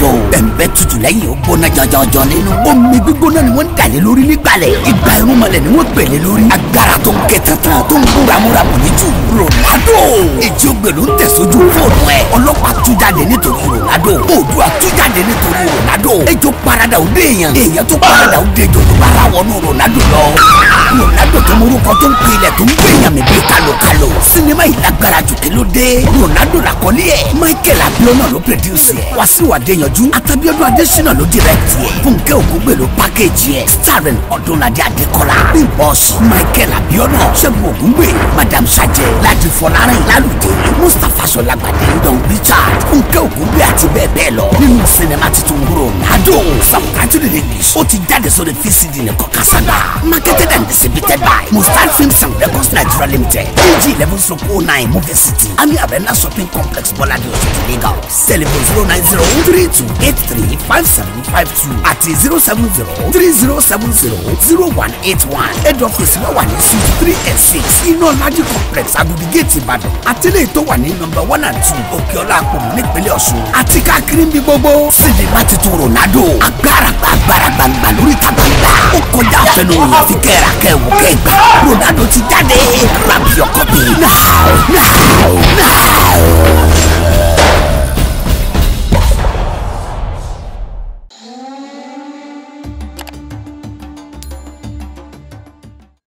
jọjọ o bẹ̀ǹbẹ̀ tutù lẹ́yìn ó gbóná jọjọjọ nínú. omi gbígbóná ni wọ́n ń dàlẹ́ lórí nígbàlẹ̀ ìgbà irúnmọlẹ̀ ni wọ́n pèlè lórí. agbára tó ń kẹ tantan tó ń múramúra kò ní jù. Ronaldo ìjì ògbèlú ń tẹ̀sójú fóònù ẹ̀ ọlọ́pàá tújáde nítorí Ronaldo oòdùà tújáde nítorí Ronaldo ejò parada òde èèyàn èèyàn tó parada òde ejò tó bára wọnú Ronaldo lọ Ronaldo tó morúkọ tó ń pilẹ̀ tó ń gbé èèyàn mi bí kálokálò sinimá yìí lágbára jù kí ló dé Ronaldo làkọ́lé ẹ̀ Michael Abiona ló pèdíùsì ẹ̀ Wàsíù Adéyanjú àtàbíọ́dún Adésínà ló dírẹ́kìtì ẹ̀ Fúnkẹ́ Ògúngbè ló pákéjì ẹ̀ starring Ọdúnladé Adékọ́lá Bímbọ́ Ọ̀sùn Michael Abiona Ṣẹ́gun Ògúngbè Madam Sajẹ Ládìfọ́lárìn Lálùdé Mustapha Sọlágbàdé Wisdom Richard Nǹkan Ògúnbí àti bẹ́ẹ̀ bẹ́ẹ̀ lọ nínú sinimá titun Ronaldo from Catholic English ó ti jáde sórí VCD nìkan kásánà marketed and distributed by Mustard Films and Records Nigeria Limited AG eleven stroke oh nine Movie City Ami Arena Shopping Complex Bọ́ládé Òṣèlú Lagos telephone zero nine zero three two eight three five seven five two àti zero seven zero three zero seven zero zero one eight one head office wọ́n wà ní c three eight six iná ladi complex abudugate ìbàdàn àtẹlẹ́ tó wà ní nọ́mbà one and two òkèọlá àpòmù nípínlẹ̀ ọ̀ṣun àti káàkiri ń bí gbogbo sinimá titun ronaldo agbára agbára gbangba lórí ìta gbangba ó kọjá àfẹnù òyìn fi kẹ́ra kẹ́wò kẹ́gbà ronaldo ti jáde Rabi your copy now now now.